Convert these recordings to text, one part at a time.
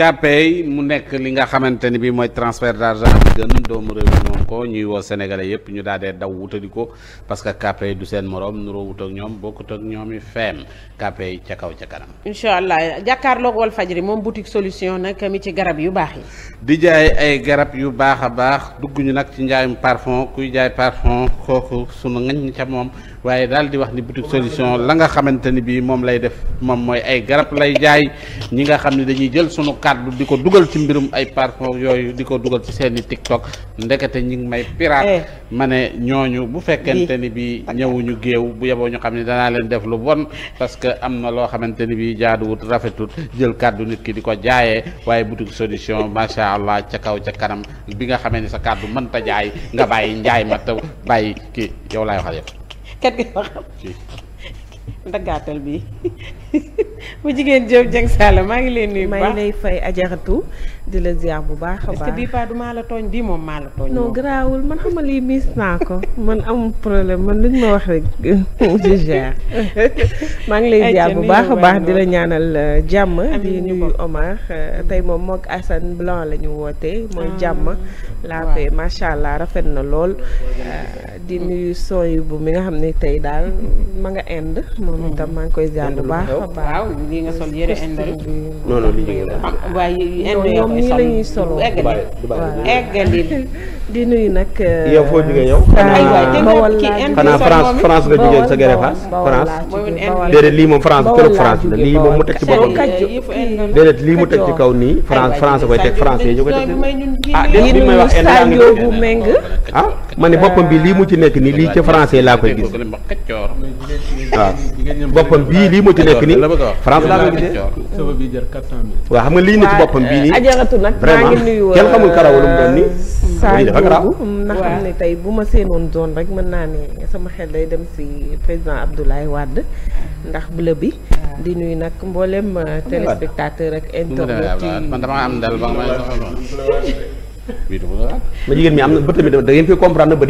CAPEY mu nekk li nga xamante ni bi mooy transfert d'argent bi gën doomu réew mi moom ko ñuy woo sénégalais yépp ñu daal dee daw wutali ko parce que CAPEY du seen moroom nuroo wut ñoom bokkut ak ñoom i feem CAPEY ca kaw ca kanam incha allah jàkkaarloog wal fajri moom boutique solution nag mi ci garab yu baax yi di jaay ay garab yu baax a baax dugg ñu nag ci njaayum parfum kuy jaay parfum kooku sunu ngañ ca moom waaye daal di wax ni boutique solution la nga xamante ni bii moom lay def moom mooy ay garab lay jaay ñi nga xam ne dañuy jël suñu kàddu di ko dugal ci mbirum ay parfum yooyu di ko dugal ci seen i TikTok ndekete ñi ngi may pirate eh. ma ne ñooñu bu fekkente ni bii ñëwuñu géew bu yeboo ñu xam ne danaa leen def lu bon parce que am na loo xamante ni bii jaaduwut rafetul jël kàddu nit ki di ko jaayee waaye boutique solution macha allah ca kaw ca kanam bi nga xamee ni sa kàddu mënta jaay nga bàyyi njaay ma taw bàyyi kii yow laay kat gi ma ndagaatal bi bu jigéen Diop Dieng Sall maa ngi leen nuyu. maa ngi lay fay ajaratu di la ziar bu baax a baax. est-ce que bii pas du moom maa la tooñ. non garaawul man xam nga lii miis naa ko man am problème man luñ ma wax rek maa ngi lay ziar bu baax a baax di la ñaanal euh, jàmm. di nuyu Omar euh, tey moom moog Assane Blanc la ñu wootee. mooy ah, jàmm laa paix macha allah rafet na lool. Euh, di nuyu son bu mi nga xam ne tey daal ma nga ind moom itam maa ngi koy ziar bu baax a baax. waaw lii nga sol yëre ind. non non lii jógee nii la nag. Euh, yow foo jógee yow. bawal xanaa France France nga jógee sa gërëm France. France déedéet lii moom France trop France la lii moom mu teg ci boppam. déedéet lii mu teg ci kaw nii France France koy teg France yee ñu teg ah déedéet bi may wax. ma ne boppam bi lii mu ci nekk nii lii ci français laa koy gis waaw boppam bii lii mu ci nekk nii France laa koy gisee waaw xam nga lii ne ci boppam bii nii vraiment kenn xamul karaw lu mu doon nii saa boobu na xam ne tey bu ma seenoon zone rek mën naa ne sama xel day dem si président Abdoulaye Wade ndax bleu bi di nuyu nag mboolem téléspectateur ak internet yi man dama am dal ma jigéen mi am na ba tamit da ngeen koy comprendre ba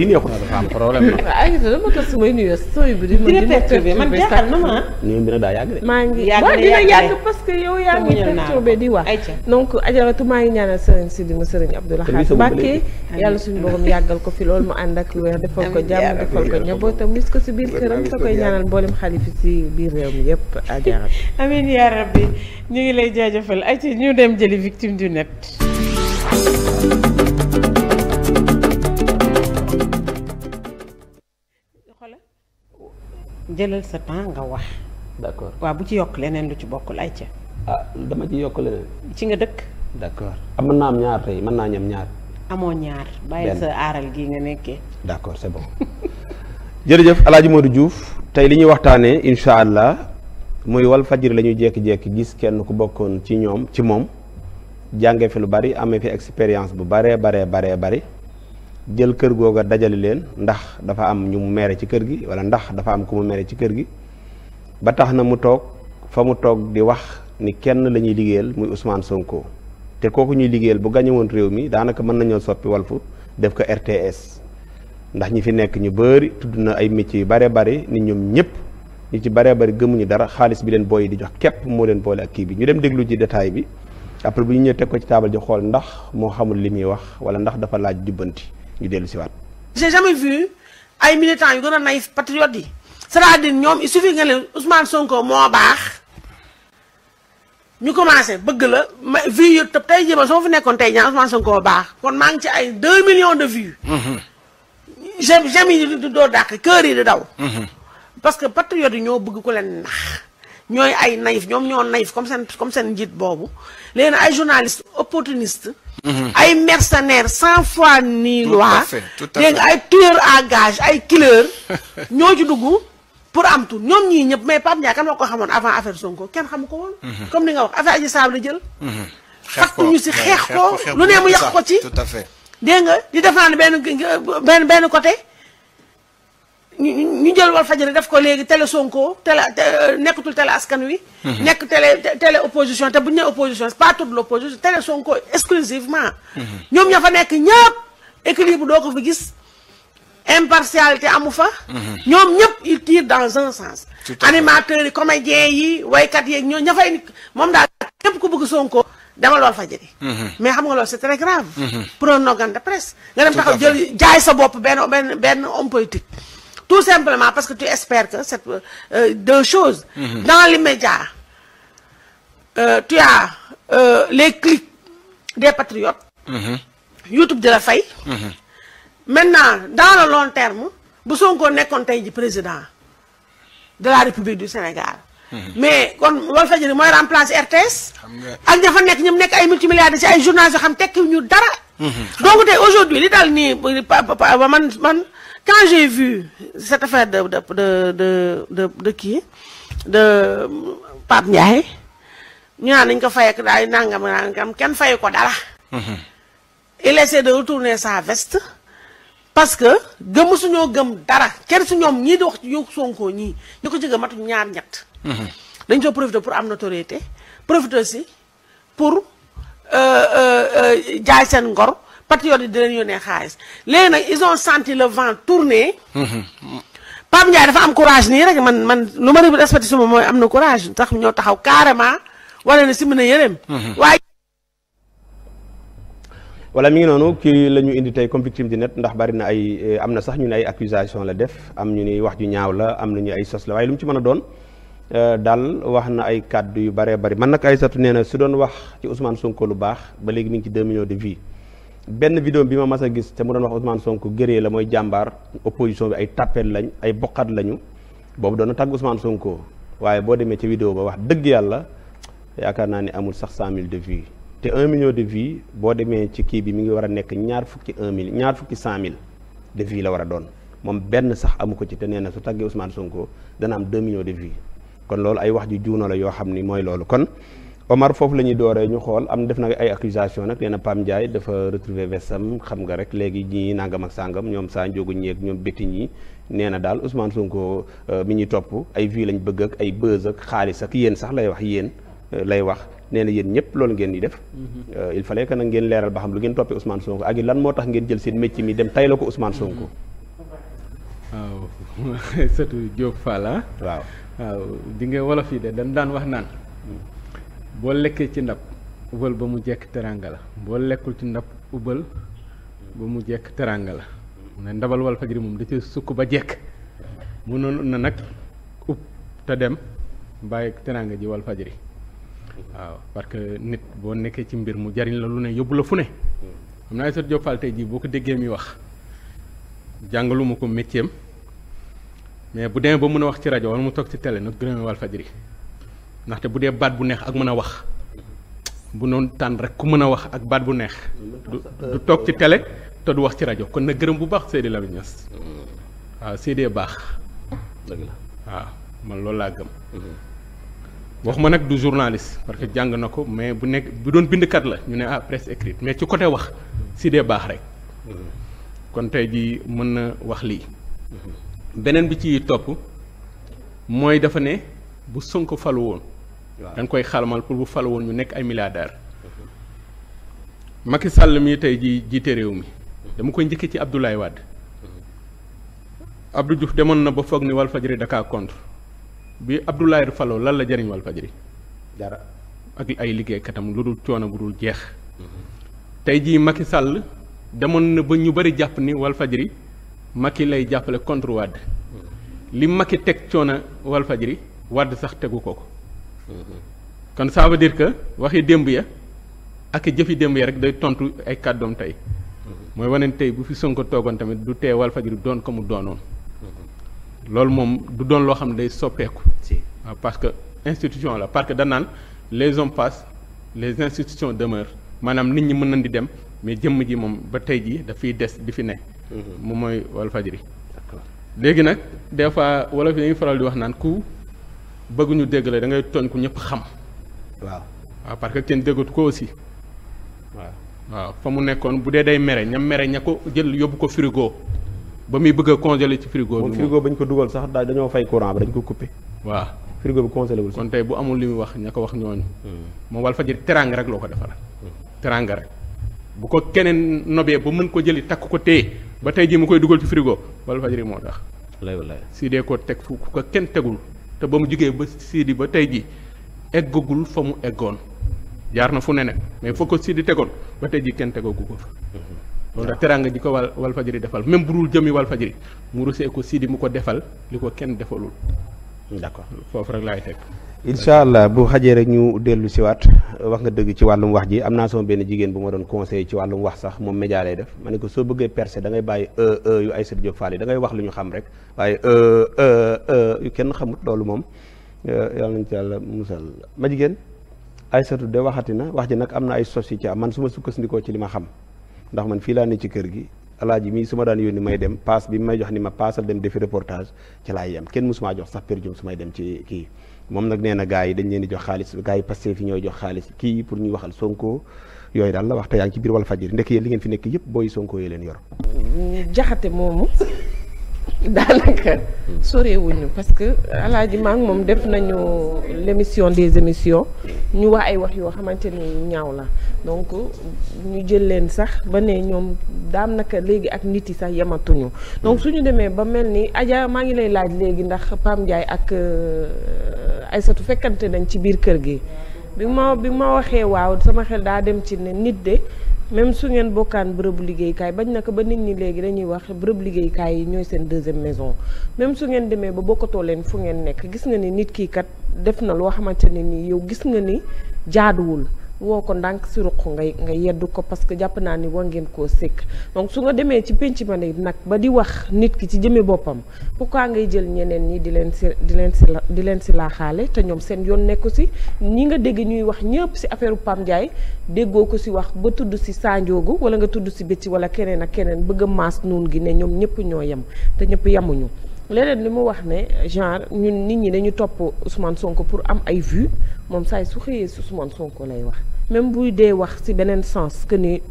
am problème ah, ma. nuyoo ah. daa yàgg de. maa ngi dina yàgg parce que yow yaa di wax. donc ajaratu maa ngi ñaanal sëriñ Sidi mu sëriñ Abdoulaye Mbacke yàlla suñu borom yàggal ko fi loolu mu ànd ak lu weer defal ko jàmm defal ko njabootam gis ko si biir këram te koy ñaanal mboolem xalifi si biir réew mi yëpp ajaratu. amiin yaa rabbi ñu ngi lay jaajëfal ay ñu dem jëli victime du net jëlal sa temps nga wax. waa bu ci yokk leneen lu ci bokkul ay ca. ah dama ci yokk leneen. ci nga dëkk. d'accord am ah, mën naa am ñaar tey mën naa ñam ñaar. amoo ñaar bàyyi sa aaral gi nga nekkee. d'accord c'est bon jërëjëf El Hadj juuf tey li ñuy waxtaanee incha allah muy wal fajir la ñuy jékki gis kenn ku bokkoon ci ñoom ci moom. jànge fi lu bari amee fi expérience bu baree baree baree bari jël kër googa dajale leen ndax dafa am ñu mu mere ci kër gi wala ndax dafa am ku mu mere ci kër gi ba tax na mu toog fa mu toog di wax ni kenn la ñuy liggéeyal muy Ousmane Sonko te kooku ñuy liggéeyal bu gañe woon réew mi daanaka mën nañoo soppi Walfu def ko RTS ndax ñi fi nekk ñu bari tudd na ay métiers yu baree bari nit ñoom ñëpp ñu ci baree bari gëmuñu dara xaalis bi leen booy di jox képp moo leen boole kii bi ñu dem déglu ci détail bi. après bu ñu ñëwee teg ko ci taabal ji xool ndax moo xamul li muy wax wala ndax dafa laaj jubbanti ñu dellu si waat. j'ai jamais vu ay militants yu gën a naïf patriotes yi c'est-à-dire ñoom il suffit nga leen Ousmane Sonko moo baax ñu commencé bëgg la ma vues yu tey jii ma soo fi nekkoon tey ñaan Ousmane Sonko baax kon maa ngi ci ay 2 millions de vues. j'aime j'aime yi doo dàq kër yi di daw. Mhm. parce que patriotes yi ñoo bëgg ku leen nax. ñooy ay naïf ñoom ñoo naïf comme seen comme seen njiit boobu léegi ay journaliste opportuniste mhm. ay mercenaires sans foi ni loi dégg nga ay tueur à gage ay killer ñoo ci dugg pour am tout ñoom ñii ñëpp mais Pape Ndiaye kan moo ko xamoon avant affaire Sonko kenn xamu ko woon mhm. comme li nga wax affaire Adji Sarr la jël mhm. fàttu ñu si xeex ko lu ne mu yàq ko ci tout nga di defaan benn benn benn côté ñu ñu jël wal fajari def ko léegi télé Sonko télé euh, nekkatul télé askan wi. Mhm. nekk télé télé opposition te bu ñu nee opposition pas toute l'opposition télé Sonko exclusivement. Mhm. ñoom ña fa nekk ñëpp équilibre doo ko fi gis impartialité amu fa. Mhm. ñoom ñëpp ils tirent dans un sens. animateurs yi comédiens yi waykat yeeg ñoo ña fay moom daal ñëpp ku bëgg Sonko. dama lool fa mais xam nga loolu c'est très grave. pour un organe de presse. nga dem taxaw jël jaay sa bopp benn benn benn homme tout simplement parce que tu espères que c'est euh, deux choses. Mhm. Dans l'immédiat, euh, tu as euh, les clics des patriotes, mm -hmm. YouTube de la faille. Mm -hmm. Maintenant, dans le long terme, Boussonko n'est compté du président de la République du Sénégal. Mhm. mais kon loolu fa jëri mooy remplacer RTS. ak ña fa nekk ñoom nekk ay multimilliardaires ci ay journalistes yoo xam tekki ñu dara. Mhm. donc tey aujourd'hui li daal nii man man. quand j'ai vu cette affaire de de de de de de kii de Pape Ndiaye ñu naan nañ ko fay ak daay nangam nangam kenn fayu ko dara. Mhm. il essaie de retourner sa vest parce que gëm suñoo gëm dara kenn su ñoom ñii di wax ci yow Sonko ñii ñu ko ci gëm ñaar ñett. Mhm. dañ soo profité pour am na notoriété profité si pour euh, euh, euh, jaay seen ngor. patriotes yi di leen yónnee xaalis léegi nag ils ont senti le vent tourner. Pape Ndiaye dafa am courage nii rek man man lu ma respecté suma mooy am na courage tax ñoo taxaw carrément wala ne si mën a yërëm. waaye. voilà mi ngi noonu kii la ñu indi tey comme di net ndax bari na ay eh, am na sax ñu ne ay accusation la def am ñu ni wax ju ñaaw la am na ñu ay sos la waaye lu mu ci mën a doon. Eh, daal wax na ay kàddu yu bare bari man nag Aïssatou nee na su doon wax ci Ousmane Sonko lu baax ba léegi mi ngi ci 2 millions de benn vidéo bi ma mas a gis te mu doon wax Ousmane Sonko guerrier la mooy jàmbaar opposition bi ay tapet lañ ay boqat lañu boobu doon na tàgg Ousmane Sonko waaye boo demee ci vidéo ba wax dëgg yàlla yaakaar naa ne amul sax 100000 de vues te 1 million de vues boo demee ci kii bi mi ngi war a nekk ñaar fukki un million ñaar fukki 100000 de vues la war a doon moom benn sax amu ko ci te nee na su tàggee Ousmane Sonko dana am 2 millions de vues kon loolu ay wax ju juuno la yoo xam ni mooy loolu kon. Omar foofu la ñuy dooree ñu xool am def na ay accusation nag nee na Pam Ndiaye dafa retrouver vesam xam nga rek léegi ñii nangam ak sàngam ñoom saa njógu ñeeg ñoom bétti ñi nee na daal Ousmane Sonko euh, mi ñuy topp ay vie lañ bëgg ak ay buzz ak xaalis ak yéen sax lay wax yéen euh, lay wax nee na yéen ñëpp loolu ngeen di def. Mm-hmm. Euh, il fa que nag ngeen leeral ba xam lu ngeen toppee Ousmane Sonko ak lan moo tax ngeen jël seen métier mi dem tey la ko Ousmane Sonko. Mm-hmm. waaw surtout Diop ah? waaw waaw di nga de dañ daan wax naan. Mm. boo lekkee ci ndab ubal ba mu jekk teranga la boo lekkul ci ndab ubal ba mu jekk teranga la mu ne ndabal wal fajri moom da ci sukk ba jekk mu noonu na nag ub te dem bàyyi teranga ji wal fajri waaw parce que nit boo nekkee ci mbir mu jariñ la lu ne yóbbu la fu ne xam naa Aïssatou Diop Fall jii boo ko déggee mi wax jàngaluma ko métier mais bu demee ba mën a wax ci rajo wala mu toog ci télé nag gërëme Walfadjri ndaxte bu dee baat bu neex ak mën a wax bu noonu tànn rek ku mën a wax ak baat bu neex du toog ci télé te du wax ci rajo kon na gërëm bu baax Seydi Lamine Niass waaw Seydi baax dëgg waaw man loolu laa gëm mhm. ma nag du journaliste parce que jàng na ko mais bu nekk bu doon bindkat la ñu ne ah presse écrite mais ci côté wax dee baax rek mhm. kon tey jii mën na wax lii mhm. beneen bi ci topp mooy dafa ne bu Sonko falu woon dañ koy xalamal pour bu fal woon ñu nekk ay milliardaire Macky Sall mii tey jii jiite réew mi dama koy njëkkee ci Abdoulaye Wade Abdou Diouf demoon na ba foog ni Walfadjri dakaa contre bi Abdoulaye faloo lan la jëriñ Walfadjri dara ak ay liggéeykatam lu dul coono bu dul jeex tey jii Macky sàll demoon na ba ñu bari jàpp ni Walfadjri Macky lay jàppale contre Wade li Macky teg coono Walfadjri Wade sax tegu ko ko kon ça veut dire que waxi démb ya ak jëfi démb ya rek day tontu ay kàddoom tey mooy wane tey bu fi Sonko toogoon tamit du tee Walfadjri doon ko mu doonoon loolu moom du doon loo xam ne day soppeeku waaw ah, parce que institution la parce que da les hommes passent les institutions demeurent maanaam nit ñi mën nañ di dem mais jëmm ji moom ba tey ji dafiy des di fi ne mm-hmm. moom mooy Walfadjri léegi nag des fois wala dañuy faral di wax naan ku bëgguñu dégg la da ngay tooñ ku ñëpp xam. waaw waaw parce que kenn déggatu ko aussi waaw. fa mu nekkoon bu dee day mere ñam mere ña ko jël yóbbu ko frigo ba muy bëgg a congelé ci frigo bi. frigo bañ ko dugal sax daal dañoo fay courant bi dañ ko coupé. waaw frigo bi congelé wul. kon tey bu amul li muy wax ña ko wax ñooñu. Hmm. moom Walfadjri teraanga rek loo ko defal hmm. teraanga rek. bu ko keneen nobee ba mën ko jëli takk ko téye ba tey jii mu koy dugal ci frigo Walfadjri moo tax. wallaay wallaay si dee teg fu ko kenn tegul. te ba mu jógee ba Sidi ba tey ji eggagul fa mu eggoon jaar na fu ne nag mais foo ko Sidi tegoon ba tey ji kenn tegoogu ko fa loolu nag teraanga ji ko wal Walfadjri defal même bu dul jëmi Walfadjri mu rusee ko Sidi mu ko defal li ko kenn defalul d'accord foofu rek laay teg incha allah bu xajee rek ñu dellu siwaat wax nga dëgg ci wàllum wax ji am naa sama benn jigéen bu ma doon conseillé ci wàllum wax sax moom média lay def ma ne ko soo bëggee percé dangay ngay bàyyi e, e yu ay sat jóg faal yi da wax lu ñu xam rek waaye e, e, e yu kenn xamut loolu moom yàlla nañ musal ma jigéen ay satu de waxati na wax ji nag am na ay sos yi ci man suma ma ci li ma xam ndax man fii laa ne ci kër gi alaaji mii su ma daan yónni may dem paas bi may jox ni ma paasal dem defi reportage ci laay yem kenn mosumaa jox sax per jum su may dem ci kii moom nag nee na gars yi dañ leen di jox xaalis gars yi passé fi ñooy jox xaalis kii pour ñuy waxal sonko yooyu daal la wax te yaa ci biir Walfadjri ndekk yéen li ngeen fi nekk yëpp booy sonko yee leen yor. jaxate moomu. daanaka sorewuñu parce que alaaji maa moom def nañu l'émission des émissions ñu wax ay wax yoo xamante ni ñaaw la donc ñu jël leen sax ba ne ñoom daam naka léegi ak nit yi sax yematuñu donc mm. suñu demee ba mel ni Adja maa ngi lay laaj léegi ndax Pam Ndiaye ak euh, Aysatu fekkante nañ ci biir kër gi bi ma bi ma waxee waaw sama xel daa dem ci ne nit de même su ngeen bokkaan bërëbu liggéeykaay bañ na ko ba nit ñi léegi dañuy wax bërëb liggéeykaay yi ñooy seen deuxième maison même su ngeen demee ba bokkatoo leen fu ngeen nekk gis nga ni nit kii kat def na loo xamante ne nii yow gis nga ni jaaduwul woo ko ndànk si ruq ngay ngay yeddu ko parce que jàpp naa ni war ngeen koo sëkk donc su nga demee ci pénc ma ne nag ba di wax nit ki ci jëme boppam bu kaa ngay jël ñeneen ñi di leen si di leen si la di leen si laaxaale te ñoom seen yoon nekku si ñi nga dégg ñuy wax ñëpp si affaire Pam Ndiaye déggoo ko si wax ba tudd si saanjoogu wala nga tudd si bëcc wala keneen ak keneen bëgg a maas noonu gi ne ñoom ñëpp ñoo yem te ñëpp yemuñu leneen li mu wax ne genre ñun nit ñi dañu topp Ousmane Sonko pour am ay vues moom saay su xëyee su Ousmane Sonko lay wax même buy dee wax si beneen sens que ni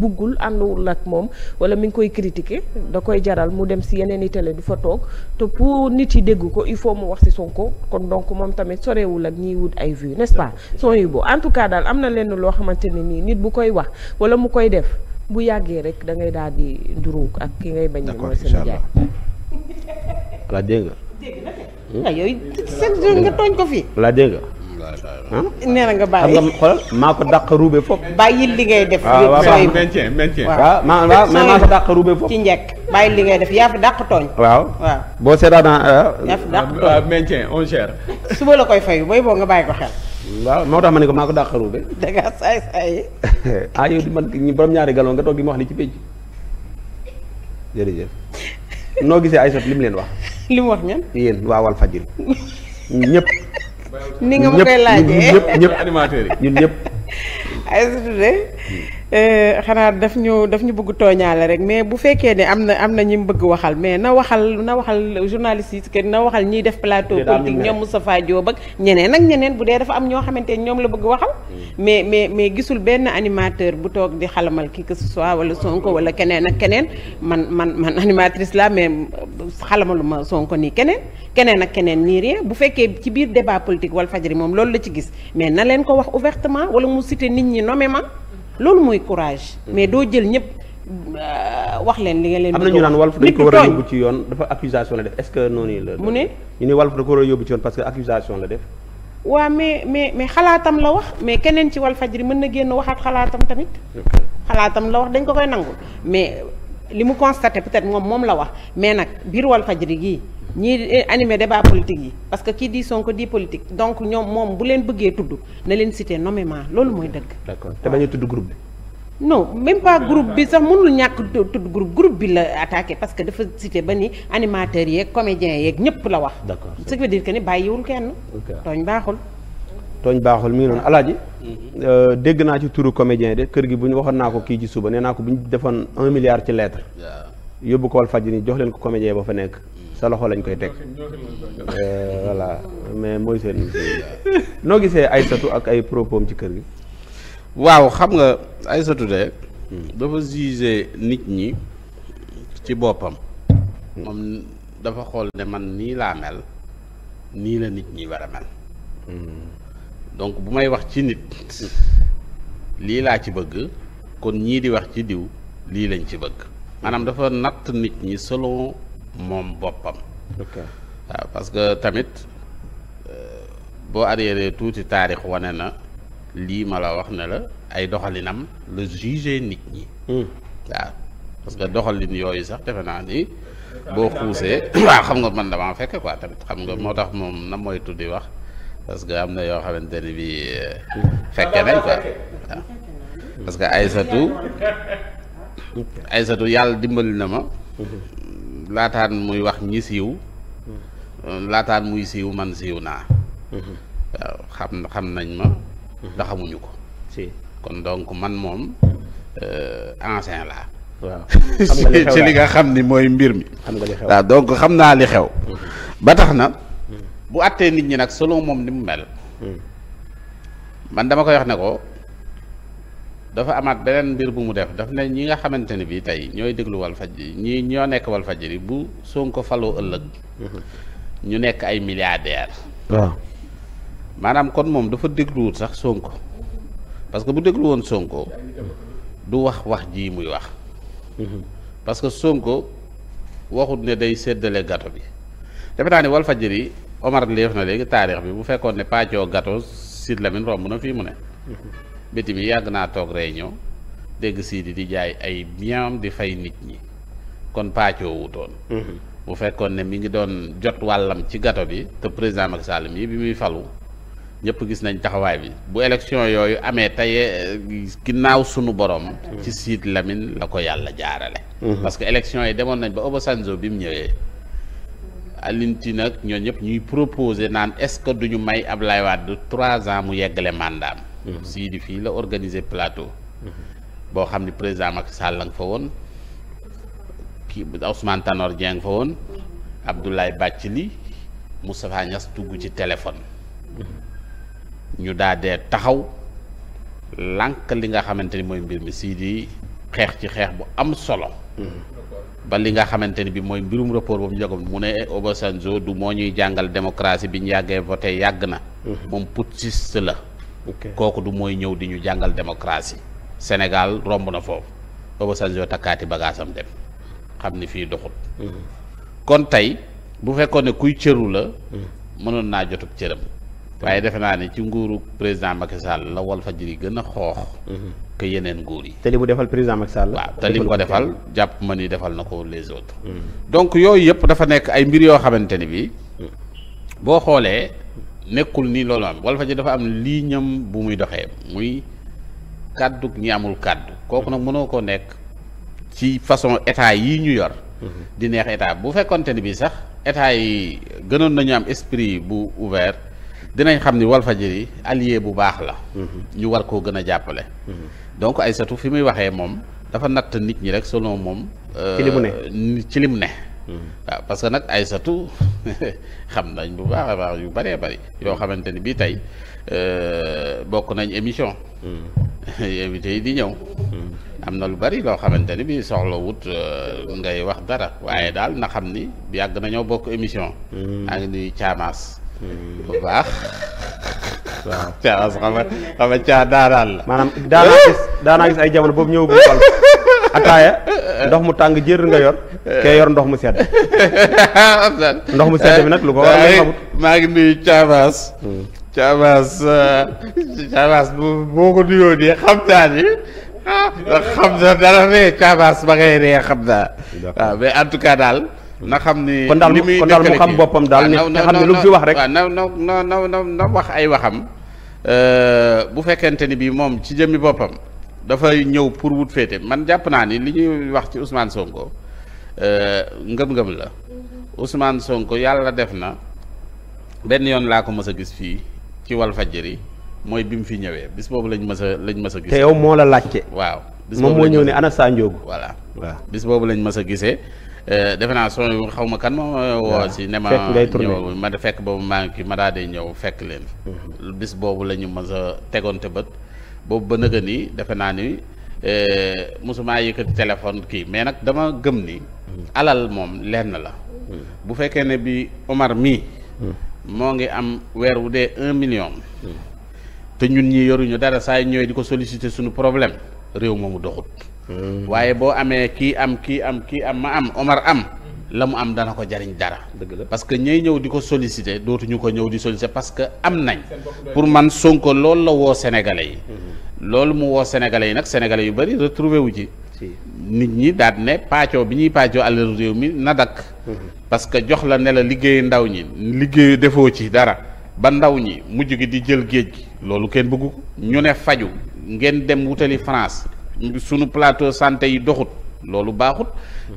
buggul ànduwul ak moom wala mi ngi koy critiquer da koy jaral mu dem si yeneen i télé du fa toog te nit yi dégg ko il faut mu wax si Sonko kon donc moom tamit sorewul ak ñiy wut ay vues n'est-ce son yu bo en tout cas daal am na lenn loo xamante ne nii nit bu koy wax wala mu koy def bu yàggee rek da ngay daal di nduruug ak ki ngay bañ. d'accord incha allah laa dégg hmm? ah, nga. tooñ ko fii. laa dégg nga. Hmm. Hmm? nee na nga bàyyi. xam nga xoolal maa ko dàq ruube li ngay def. Ah, waaw waaw ah, waaw maintien maa maa ko dàq ruube foofu. ci li ngay def yaa fi dàq tooñ. waaw boo seetaan. yaa fi dàq tooñ waaw maintien on gère. suba la koy fayu booy nga bàyyi ko xel. waaw moo tax ma ne ko maa ko dàq ruube. da ngaa saay saay. ah yow di man borom ñaari galon nga toog di ma wax li ci pénc jërëjëf. noo gisee Aïssatou li mu leen wax. li wax ñan. yéen waawal Walfadjri ñëpp. ni nga ma koy laajee ñëpp ñëpp animateurs yi ñun ñëpp. de. Hmm. Eh, xanaa daf ñu daf ñu bëgg tooñaale rek mais bu fekkee ne am na am na ñi mu bëgg waxal mais na waxal na waxal journaliste yi que na waxal ñiy def plateau politique ñoom Moustapha Diop ak ñeneen ak ñeneen bu dee dafa am ñoo xamante ne ñoom la bëgg waxal mm. mais mais mais gisul benn animateur bu toog di xalamal ki que ce wala Sonko wala keneen ak keneen man man man animatrice la mais xalamaluma Sonko nii keneen keneen ak keneen nii rien bu fekkee ci biir débat politique Walfadjri moom loolu la ci gis mais na leen ko wax ouvertement wala mu citer nit ñi nommément loolu mooy courage. mais doo jël ñëpp euh, wax leen li nga leen. am na ñu naan Walf dañ ko war a yóbbu ci yoon dafa accusation la def est-ce que noonu la. mu ne ñu ne Walf da ko yóbbu ci yoon parce que accusation la def. waaw mais mais mais xalaatam la wax mais keneen ci faj Walfadjri mën na génn waxaat xalaatam tamit. xalaatam la wax dañ ko koy nangu mais li mu constaté peut-être moom moom la wax mais nag biir Walfadjri gii. ñii eh, animé débat politique yi parce que kii di Sonko di politique donc ñoom moom bu leen bëggee tudd na leen cité nommément loolu mooy dëgg. d'accord te bañ a tudd groupe bi. non même pas groupe bi sax mënul ñàkk tudd groupe group bi la attaqué parce que dafa cité ba ni animateurs yeeg comédiens yeeg ñëpp la wax. d'accord ce qui veut que ni bàyyiwul kenn. tooñ baaxul. tooñ baaxul mi ngi noonu alaaji mm-hmm. euh, dégg naa ci turu comédien de kër gi bu ñu waxoon naa ko kii ci suba nee naa ko bu ñu defoon un milliard ci lettre. yóbbu ko Walfadjri jox leen ko comédien ba fa nekk. sa loxo lañ koy teg euh, voilà mais mooy seen noo gisee Aysatu ak ay propos ci kër gi waaw xam nga ay Aysatu de hmm. dafa jugé nit ñi ci boppam hmm. moom dafa xool ne man nii laa mel nii la nit ñi war mel hmm. donc bu may wax ci nit lii laa ci bëgg kon ñii di wax ci diw lii lañ ci bëgg maanaam dafa natt nit ñi selon moom boppam. waaw parce que tamit euh, boo arriéré tuuti taarix wane na lii ma la wax ne la ay doxalinam la jugé nit ñi. Hmm. waaw parce que doxalin yooyu sax defe naa ni boo xuusee waaw xam nga man damaa fekk quoi tamit xam nga moo tax moom na mooy tuddi wax parce que am na yoo xamante ni bii hmm. fekke nañ quoi waaw parce que Aysatu Aysatu yàlla dimbali na ma. Hmm. laataan muy wax ñi siiw hmm. euh, laataan muy siiw man siiw naa hmm. waaw xam xam nañ ma te hmm. ko si kon donc man moom euh, ancien laa ci li nga xam ni mooy mbir mi xam nga li xew waaw donc xam naa li xew ba tax na bu àttee nit ñi nag solo moom ni mu mel man dama koy wax ne ko dafa amaat beneen mbir bu mu def daf ne ñi nga xamante ne bii tey ñooy déglu Walfadjri ñi ñoo nekk Walfadjri bu Sonko faloo ëllëg. ñu nekk ay milliardaires. waaw maanaam kon moom dafa dégluwul sax Sonko parce que bu déglu woon Sonko du wax wax ji muy wax. parce que Sonko waxut ne day séddale gato bi. defe naa ne Walfadjri Omar leef na léegi taarix bi bu fekkoon ne pàccoo gâteau Sidy Lamine romb na fii mu ne. béti bi yàgg naa toog réunion dégg sii di di jaay ay bienam di fay nit ñi kon paacoo wutoon mhm. bu fekkoon ne mi ngi doon jot wàllam ci gato bi te président Macky Sall mii bi muy falu ñëpp gis nañ taxawaay bi bu élection yooyu amee tey eh, ginnaaw sunu borom. ci siit Lamine la ko yàlla jaarale. Mhm. parce que élection yi demoon nañ ba Obasanjo bi mu ñëwee. Alioune Tine nag ñoo ñëpp ñuy proposer naan est-ce que duñu may Ablaye Wade trois ans mu yeggale mandaam Mmh. Sidi fii la organiser plateau. Mmh. boo xam ne président Macky Sall nga fa woon kii Ousmane Tanor Dieng fa woon mmh. Abdoulaye Bathily Moustapha Niass tugg ci téléphone. ñu daa taxaw lànk li nga xamante ni mooy mbir mi Sidi xeex ci xeex bu am solo. ba li nga xamante ni bi mooy mbirum rapport boobu ñu mu ne Obasanjo du moo ñuy jàngal démocratie bi ñu yàggee voté yàgg na. moom putschiste la. kooku du mooy ñëw di ñu jàngal démocratie Sénégal romb na foofu Obasanjo takkaati bagaasam dem xam ni fii doxul mm-hmm. kon tey bu fekkoon ne kuy cëru la mm-hmm. mënoon naa jotub cëram waaye defe naa ne ci nguuru président Macky Sall la Walfadjri gën a xoox mm-hmm. que yeneen nguur yi te li defal président Macky Sall waaw te li mu defal jàpp ma ni defal na ko les autres donc yooyu yëpp dafa nekk ay mbir yoo xamante ne bi boo xoolee nekkul ni loolu am Walfadjri dafa am lii ñam bu muy doxee muy kàddu ñi amul kàddu kooku nag mënoo ko nekk ci façon état yi ñu yor mhm. di neex état bu fekkonte ni bi sax état yi gënoon nañu am esprit bu ouvert dinañ xam ni Walfadjri allié bu baax la mhm. ñu war koo gën a jàppale mhm. donc ay satu fi muy waxee moom dafa natt nit ñi rek selon moom ci li euh, ci li mu ne waaw parce que nag Aysatu xam nañ bu baax baax yu baree bari yoo xamante ni bii tey euh, bokk nañ émission. Mm. invité yi di ñëw. Mm. am na lu bari loo xamante ni bii soxla wut euh, ngay wax dara waaye daal na xam ni yàgg nañoo bokk émission. Mm. maa ngi nuyu caamaas. bu baax. waaw caamaas xam nga xam la. maanaam daanaa gis daanaa gis ay jamono boobu ñëwagul wàll. ataaya ndox mu tàng jër nga yor kee yor ndox mu sedd ndox mu sedd bi nag lu ko war a xamut maa ngi nuyu caabaas caabaas caabaas boo ko nuyoo dee xam naa ni ree caabaas ba ngay ree xam naa waaw mais en tout cas daal na xam ni kon daal kon daal mu xam boppam daal ni nga xam ne lu mu fi wax rek waaw na na na na wax ay waxam euh, bu fekkente ni bii moom ci jëmmi boppam dafay ñëw pour wut féete man jàpp naa ni li ñuy wax ci Ousmane Sonko euh, ngëm-ngëm la mm-hmm. Ousmane Sonko yàlla def na benn yoon laa ko mës a gis fii ci Walfadjri mooy bi mu fi ñëwee bis boobu lañ mës a lañ mës a gis. te laajte. waaw bis moom moo ñëw ne ana Sa Ndiogou. voilà waaw bis boobu lañ mës a gisee. Euh, defe naa soo xaw ma kan si ne ma ñëw ma fekk boobu maa ngi kii ma daa dee ñëw fekk leen mm-hmm. bis boobu la ñu mës a tegoonte bët boobu ba gën ni defe naa ni eh, mosuma yëkkati téléphone kii mais nag dama gëm ni alal moom lenn la hmm. bu fekkee ne bi Omar mii moo ngi am weer wu dee un million hmm. te ñun ñi yoruñu dara saa yu ñëwee di ko solliciter suñu problème réew moomu doxut hmm. waaye boo amee kii am kii am kii am ma am Omar am la mu am dana ko jariñ dara dëgg la parce que ñay ñëw di ko solliciter dootuñu ko ñëw di solliciter parce que am nañ pour man Sonko loolu la woo sénégalais yi loolu mu woo sénégale yi nag sénégale yu bëri retrouvé wu ci. nit ñi daal ne paacoo bi ñuy paacoo alal réew mi na dakk mhm. parce que jox la ne la liggéey ndaw ñi liggéey defoo ci dara ba ndaw ñi mujj gi di jël géej gi loolu kenn bëggu ko ñu ne faju ngeen dem wutali France sunu plateau santé yi doxut loolu baaxut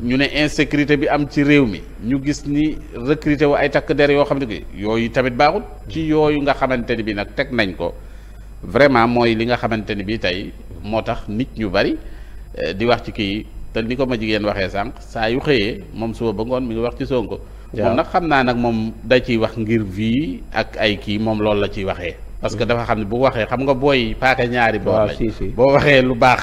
mhm. ñu ne insécurité bi am ci réew mi ñu gis ni recrité wu ay takk der yoo xam ne yooyu tamit baaxut ci yooyu nga xamante ni bi nag teg nañ ko vraiment mooy li nga xamante ni bii tey moo tax nit ñu bari eh, di wax ci kii te ni ko ma jigéen waxee sànq saa yu xëyee moom suba ba ngoon mi ngi wax ci sonk moom nag xam naa nag moom day ciy wax ngir vie ak ay kii moom loolu la ciy waxee. parce que mm. dafa xam ne bu waxee xam nga booy paaka ñaari. waaw si boo waxee lu baax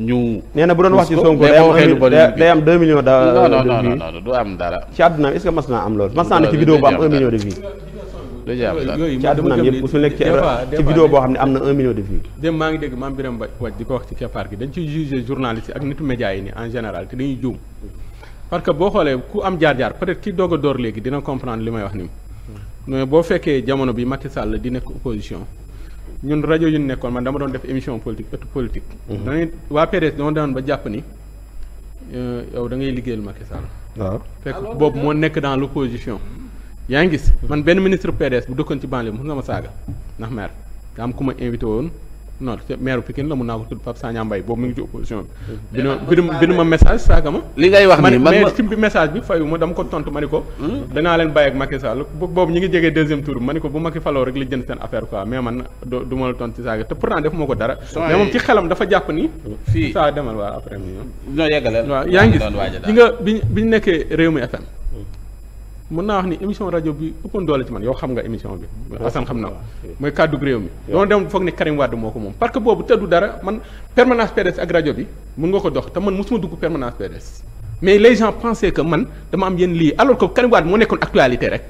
ñu. nee na bu doon wax ci Sonko day am 2 millions. de non non non du am dara. ci àdduna est mas naa am loolu. mas naa ne ci vidéo bu am 1 million du jaamu dara yooyu ci àddunaam su nekk ci ci vidéo boo xam ne am na un million de vues. dem maa ngi dégg maam Birame Wathie di ko wax ci keppaar gi dañ ciy juger journaliste ak nitu média yi ni en général te dañuy juum parce boo xoolee ku am jaar-jaar peut-être ki doog a door léegi dina comprendre li may wax ni mais boo fekkee jamono bi Macky Sall di nekk opposition ñun rajo ñu nekkoon man dama doon def émission politique ëttu politique. Mhm. dañuy waa PDS dama doon ba jàpp ni euh, yow da ngay liggéeyal Macky Sall. waaw fekk boobu moo nekk dans l'opposition. yaa ngi gis man benn ministre PDS bu dëkkoon ci banlieue mën nga ma saaga ndax maire nga am ku ma invité woon non maire Pikine la mun naa ko tudd Pape Sagna Mbaye boobu mu ngi ci opposition bi. Mm-hmm. bi ma ma message saaga ma. li ngay wax nii ma dama ko tontu ma ni ko. Hmm? danaa leen bàyyi ak Macky Sall boobu ñi ngi jege deuxième tour ma ni ko bu Macky faloo rek li jënd seen affaire quoi mais man du ma la tontu ci saaga te pourtant def moo ko dara. mais moom ci xelam dafa jàpp ni. saa demal waa après. non yeggalal waaw yaa ngi gis bi nga bi bi ñu nekkee Rewmi mën naa wax ni émission rajo bi ëppoon doole ci man yow xam nga émission bi. Assane que boobu tëddu dara man permanence PDS ak rajo bi mën nga ko dox te man mosuma dugg permanence PDS. mais les gens pensaient que man dama am yenn lii alors que Karim moo nekkoon actualité rek.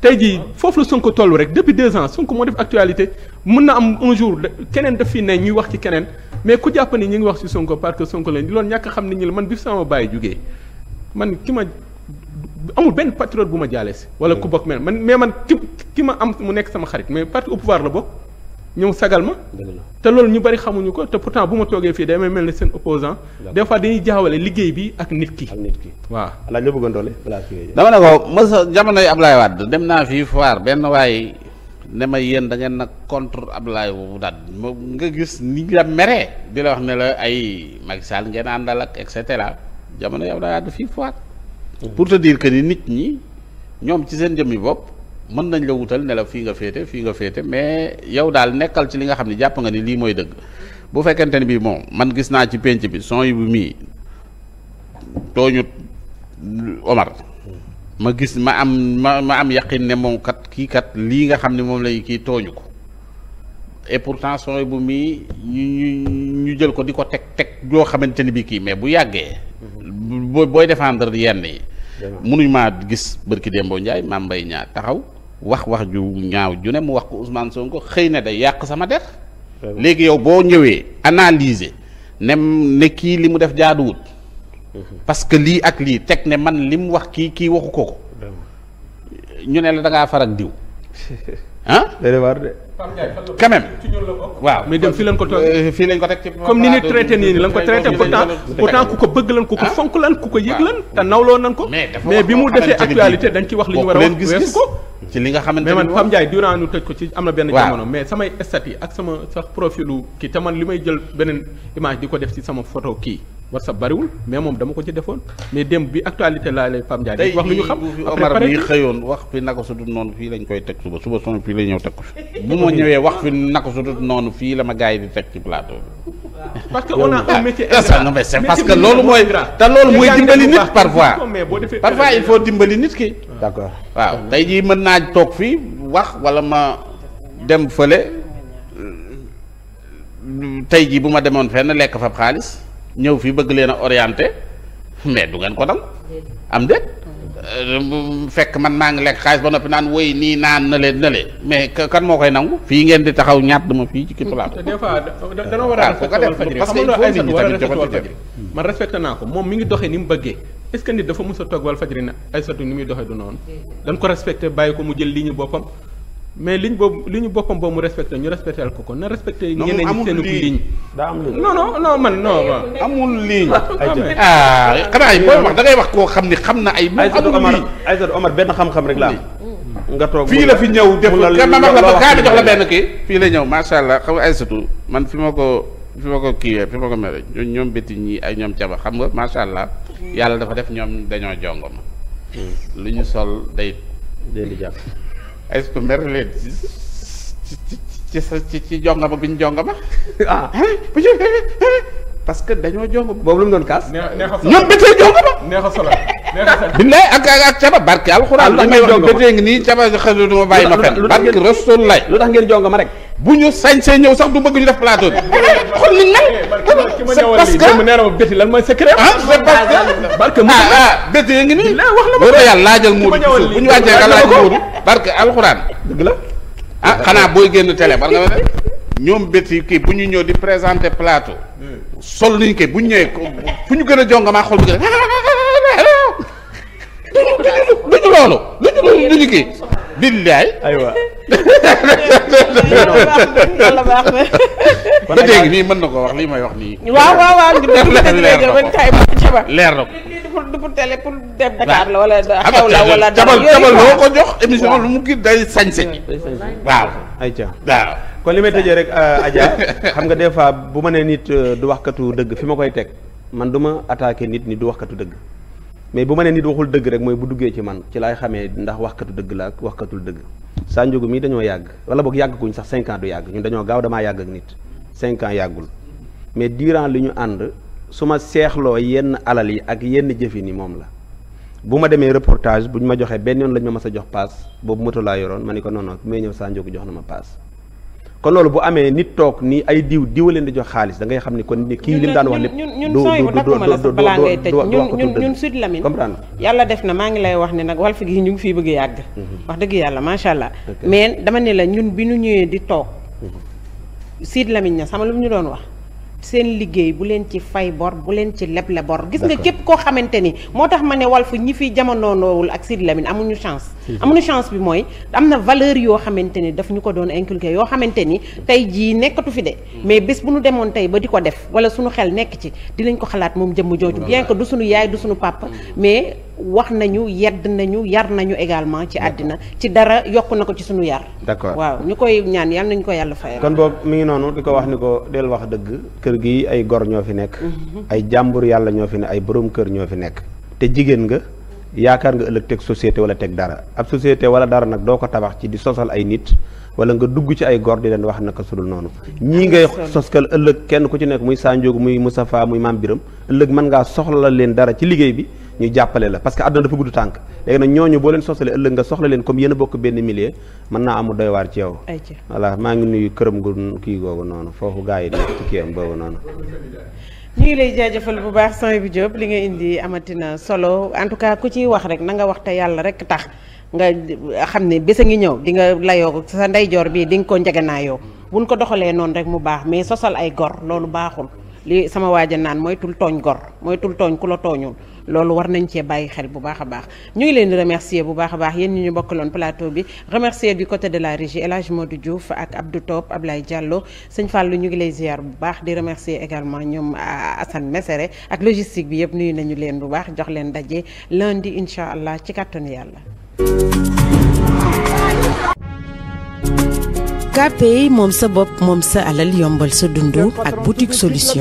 tey jii foofu la Sonko toll rek depuis deux ans Sonko moo def actualité mën na am un keneen daf fi ne ñuy wax ci keneen mais ku jàpp ni ñu ngi wax ci Sonko parce que Sonko lañ loolu ñàkk xam ni ñu la man bi sama bàyyi jugee man ki amul benn patriote bu ma jaale si. wala ku mm. bokk mel man mais man ki ki ma am mu nekk sama xarit mais parti au pouvoir la bokk ñëw sagal ma. te loolu ñu bari xamuñu ko te pourtant bu ma toogee fii day mel ni seen opposant des fois dañuy jaawale liggéey bi ak nit ki. ki waaw. alaaj la bëggoon doole. dama ne ko masa jamonoy Ablaye Wade dem naa fii foire benn waaye ne ma yéen da nag contre ab Ablaye wu daal moom nga gis ni la meree di la wax ne la ay Macky Sall ngeen àndal ak et cetera jamono yow daa fii foire. pour te dire que ni nit ñi ñoom ci seen jëmmi bopp mën nañ la wutal ne fii nga féete fii nga féete mais yow daal nekkal ci li nga xam ne jàpp nga ni lii mooy dëgg bu fekkente ne bii moom man gis naa ci penc bi son yi bu mii tooñu Omar ma gis ma am ma am yaqin ne moom kat kii kat lii nga xam ne moom lay kii tooñu ko et pourtant son bu mii ñu ñu jël ko di ko teg teg joo xamante ni bii kii mais bu yàggee. Mhm. booy défendre yenn yi. munuñ maa gis bërki Dembo Ndiaye Mame Mbaye ñaar taxaw wax wax ju ñaaw ju ne mu wax ko Ousmane Sonko xëy na day yàq sama der léegi yow boo ñëwee analyser ne ne kii li mu def jaaduwut mhm. parce que lii ak lii teg ne man li mu wax kii kii waxu ko ko ñu ne la da ngaa far ak diw ah. day waar de. quand même waaw mais dem fii leen ko toog euh, fii lañ ko teg ci comme ni ni traité nii ni lañ ko traité pourtant pourtant ku ko bëgg lan ku ko fonk lan ku ko yëg lan te nawloo nan ko mais bi mu defee actualité dañ ci wax li ñu war a wax weesu ko ci nga xamante mais man Pape Ndiaye durant ñu tëj ko ci am na benn jamono mais samay statut ak sama sax profilu kii te man li may jël beneen image di ko def ci sama photo kii WhatsApp bariwul mais moom dama ko ci defoon mais démb bi actualité laa lay Pape Ndiaye. tey wax lu xam après Omar mi wax fi naka sudut noonu fii koy teg suba suba son fii la ñëw teg wax fi naka sudut noonu fii la ma gars yi di teg ci plateau parce que on a un ah, parce que loolu mooy. te loolu mooy dimbali nit parfois. parfois il faut dimbali nit ki. Ah. d'accord waaw tey jii mën naa toog fii wax walla ma dem fële tey jii bu ma demoon fenn lekk fa xaalis. ñëw fi bëgg leen a orienté mais du ngeen ko dal am déet euh, fekk man maa ngi lekk xaalis ba noppi naan woy nii naan na leen na leen mais kan moo koy nangu fii ngeen di taxaw ñaat dama fii ci kii plateau. des dana ah, war a respecté naa ko moom mi ngi doxe ni mu bëggee est ce nit dafa mës a toog Walfadjri ne Aïssatou ni muy doxee du noonu. dañ ko respecté bàyyi ko mu jël ñu boppam. mais li ñu ligne boppam boobu mu respecté ñu respecté ko kon na respecté. ñeneen ñi seen ligne daa am ligne non non man non. amul ligne. ah, ah xanaa booy wax da wax koo xam ni xam na ay. moom amul ligne benn xam rek la mm. nga toog fii la fi ñëw def la ma wax la ba kaa jox la benn kii. fii la ñëw macha allah xam nga Aïssatou man fi ma ko fi ma ko kiiwee fi ma ko mere ñoom bétti ñii ay ñoom caba xam nga macha allah yàlla dafa def ñoom dañoo jongo ma mm. lu ñu sol day. day jàpp. ay su mer leen ci sa ci ci jongama bi ah. ñu jongama. ah parce que dañoo jongama. boobu lu mu doon kaas. ñoom bëtee jongama. neexa solo billaay ak ak caba barke alxuraan. Ah, lu tax ngeen jongama li may wax bëtee ngi nii caba xëy na du ma bàyyi ma fenn. barke lay lu tax ngeen jongama rek. bu ñu sañsee ñëw sax du bëgg ñu def plateau bi. xool ni nag. c'est parce que man ma bétti lan mooy secret. ah parce que. barke ah, ah, nii. wax la ma loolu yàlla laajal Moodu. bu ñu wàccee nga laaj Moodu. barke alxuraan. la ah xanaa booy génn télé bar nga ma def. ñoom bétti kii bu ñu ñëw di présenter plateau. sol nañu kii bu ñu ñëwee fu ñu gën a jonga maa xool bu gën a. duñu duñu loolu. duñu loolu duñu kii. billaay aywa. yàlla mën na ko lii may wax nii. waaw leer na ko pour du pour télé pour ko jox émission lu mu kii day sañse. waaw. ayca waaw. kon li may tëjee rek euh, Adja xam nga des fois bu ma nee nit euh, du waxkatu dëgg fi ma koy teg man duma ma attaqué nit ñi du waxkatu dëgg. mais bu ma nee nit waxul dëgg rek mooy bu duggee ci man ci laay xamee ndax waxkatu dëgg la ak waxkatul dëgg Sa mii dañoo yàgg wala boog yàgg kuñ sax cinq ans du yàgg ñun dañoo gaaw damaa yàgg ak nit cinq yàggul mais durant li ñu ànd su ma seexloo yenn alal yi ak yenn jëfin yi moom la bu ma demee reportage bu ñu ma joxee benn yoon lañ ma mës a jox paas boobu moto laa yoroon ma ne ko non non bu may ñëw Sa jox na ma paas kon loolu bu amee nit toog ni ay diw diw leen di jox xaalis da ngay xam ni kon kii li mu daan wax lépp ñun sooy bu dagguma la sax balaa ngay tëj ñun ñun sud lamine comprendre yàlla def na maa ngi lay wax ne nag Walf gi ñu ngi fii bëgg yàgg mhm. wax dëgg yàlla macha allah mais dama ne la ñun bi ñu ñëwee di toog mhm. Sidi Lamine na sama lu mu ñu doon wax seen liggéey bu leen ci fay bor bu leen ci leble bor gis nga képp koo xamante ni moo tax ma ne fu ñi fi jamonoowul ak Sidi Lamine amuñu chance amuñu chance bi mooy am na valeur yoo xamante ni daf ñu ko doon inculqué yoo xamante ni tey jii nekkatu fi de mm. mais bés bu ñu demoon tey ba di ko def wala suñu xel nekk ci dinañ ko xalaat moom jëmm jooju bien que du suñu yaay du suñu papa mm. mais wax nañu yedd nañu yar nañu également ci àddina ci dara yokk na ko ci suñu yar d'accord waaw ñu koy ñaan yal nañu ko yàlla fayal kon boobu mi ngi noonu di ko wax ni ko del wax dëgg kër gi ay gor ñoo fi nekk mhm. ay jàmbur yàlla ñoo fi ne ay borom kër ñoo fi nekk te jigéen nga yaakaar nga ëllëg teg société wala teg dara ab wala dara nag doo ko tabax ci di sosal ay nit wala nga dugg ci ay gor di leen wax naka sudul noonu ñii ngay soskal ëllëg kenn ku ci nekk muy Sanjoogu muy Moustapha muy Maam Biram ëllëg mën ngaa soxla leen dara ci liggéey bi ñu jàppale la parce que àdduna dafa gudd tànk léegi nag ñooñu boo leen sosalee ëllëg nga soxla leen comme yéen bokk benn milieu mën naa amu doy waar ci maa ngi nuyu këram gu kii noonu foofu gars yi nekk ci kii am boobu noonu ñu ngi lay jaajëfal bu baax sang bi Diop li nga indi amatina solo en tout cas ku ciy wax rek na nga wax te yàlla rek tax nga xam ne bés a ngi ñëw di nga layoo sa ndeyjoor bii di nga ko njëganaayoo buñ ko doxalee noonu rek mu baax mais sosal ay gor loolu baaxul li sama waaja naan moytul tooñ gor moytul tooñ ku la tooñul loolu war nañ cee bàyyi xel bu baax a baax ñu ngi leen di remercier bu baax a baax yéen ñi ñu bokkaloon plateau bi remercier du côté de la régie El Hadj Modou Diouf ak Abdou Top Ablaye jàlloo sëñ Fallou ñu ngi lay ziar bu baax di remercier également ñoom ah, Assane Mesere ak logistique bi yëpp nuy nañu leen bu baax jox leen daje lundi incha allah ci kàttanu yàlla. moom sa bopp moom sa alal sa dund ak boutique solution